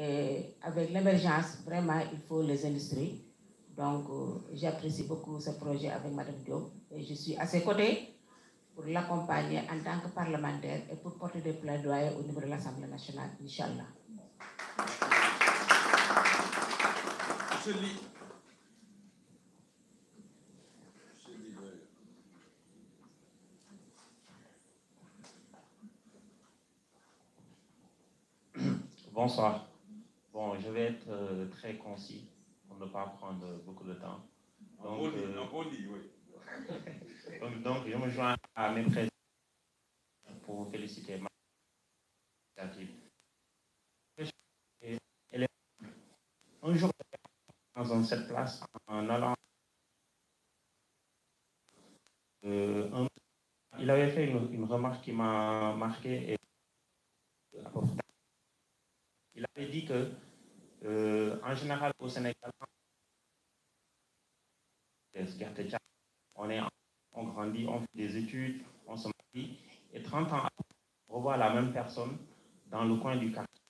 Et avec l'émergence, vraiment, il faut les industries. Donc, euh, j'apprécie beaucoup ce projet avec Madame Diop et je suis à ses côtés pour l'accompagner en tant que parlementaire et pour porter des plaidoyers au niveau de l'Assemblée nationale, Inch'Allah. Monsieur Bonsoir je vais être euh, très concis pour ne pas prendre beaucoup de temps. Euh, donc, je me joins à mes présents pour féliciter ma Un jour, dans cette place, en allant, euh, il avait fait une, une remarque qui m'a marqué et il avait dit que euh, en général, au Sénégal, on, est, on grandit, on fait des études, on se marie, et 30 ans après, on revoit la même personne dans le coin du quartier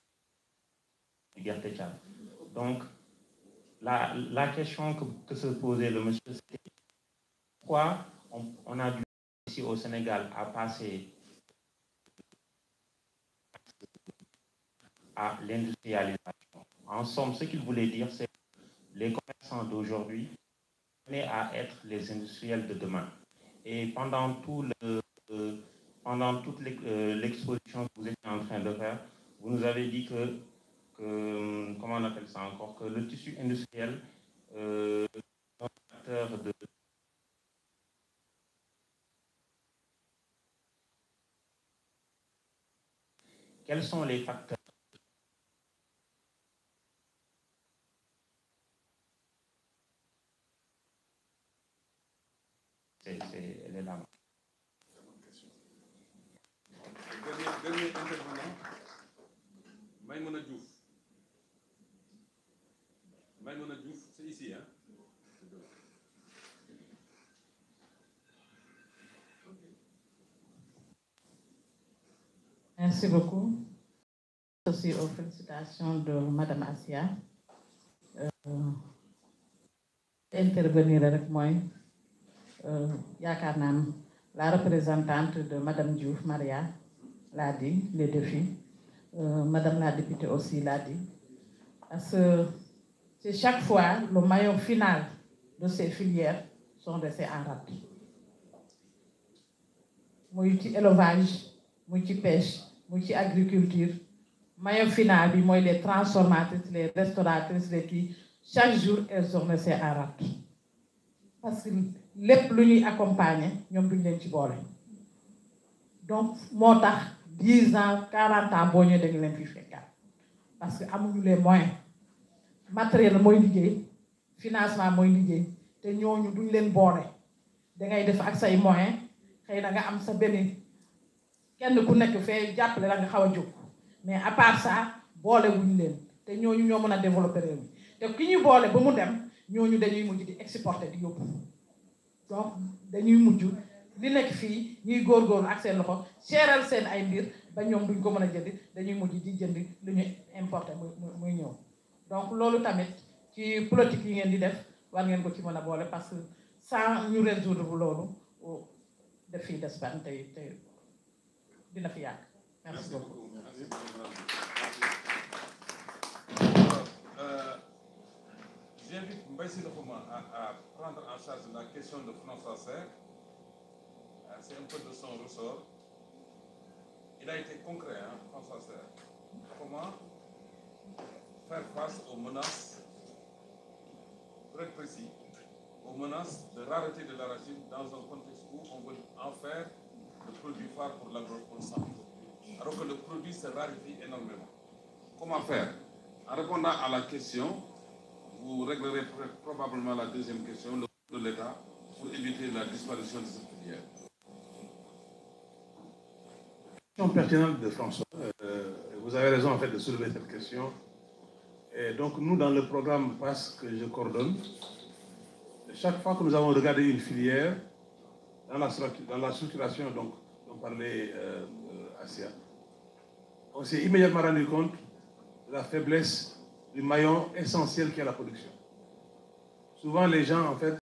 du Gertetchal. Donc, la, question que, se posait le monsieur, c'était pourquoi on, on, a dû, ici au Sénégal, à passer à l'industrialisation en somme, ce qu'il voulait dire, c'est que les commerçants d'aujourd'hui venaient à être les industriels de demain. Et pendant, tout le, euh, pendant toute euh, l'exposition que vous étiez en train de faire, vous nous avez dit que, euh, comment on appelle ça encore, que le tissu industriel euh, un acteur de quels sont les facteurs c'est, c'est, elle est là. Dernier, dernier intervenant, Maïmona Diouf. Maïmona Diouf, c'est ici, hein Merci beaucoup. Aussi aux félicitations de Madame Assia. Euh, intervenir avec moi euh, Yacarnam, la représentante de madame Diouf Maria l'a dit les deux filles, madame la députée aussi l'a dit parce que c'est chaque fois le maillon final de ces filières sont restés en rapide Multi élevage multi pêche multi agriculture maillon final bi les transformatrices les restauratrices les qui chaque jour elles sont restées en rapide parce que lépp lu ñuy accompagner ñoom duñ leen ci boole donc moo tax dix ans quarante ans boo ñëwee da leen fi fekkaat parce que amuñu les moyens matériel mooy liggéey financement mooy liggéey te ñooñu duñ leen boole dangay def ak say moyens xëy na nga am sa benn kenn ku nekk fee jàppale la nga xaw a jóg mais à part ça boole wuñ leen te ñooñu ñoo mën a développer réew mi te ki ñu boole ba mu dem ñooñu dañuy mujj di exporter di yóbbu. donc dañuy mujj li nekk fii ñuy góorgóorlu ak seen loxo seeral seen ay mbir ba ñoom duñ ko mën a jënd dañuy mujj di jënd lu ñu importé muy ñëw donc loolu tamit ci politique yi ngeen di def war ngeen ko ci mën a boole parce que sans ñu résoudre bu loolu oh, daf fii des ban tey tey dina fi yàgg merci de à, prendre en charge la question de François Serre, euh, c'est un peu de son ressort. Il a été concret, hein, François Serre. Comment faire face aux menaces, très précis, aux menaces de rareté de la racine dans un contexte où on veut en faire le produit phare pour consommation. alors que le produit se raréfie énormément. Comment faire En répondant à la question, vous réglerez probablement la deuxième question de l'État pour éviter la disparition de cette filière. Question pertinente de François. Euh, vous avez raison en fait de soulever cette question. Et donc nous, dans le programme PASS que je coordonne, chaque fois que nous avons regardé une filière dans la, dans la structuration donc, dont parlait euh, Asia, on s'est immédiatement rendu compte de la faiblesse du maillon essentiel qui est la production. Souvent, les gens, en fait,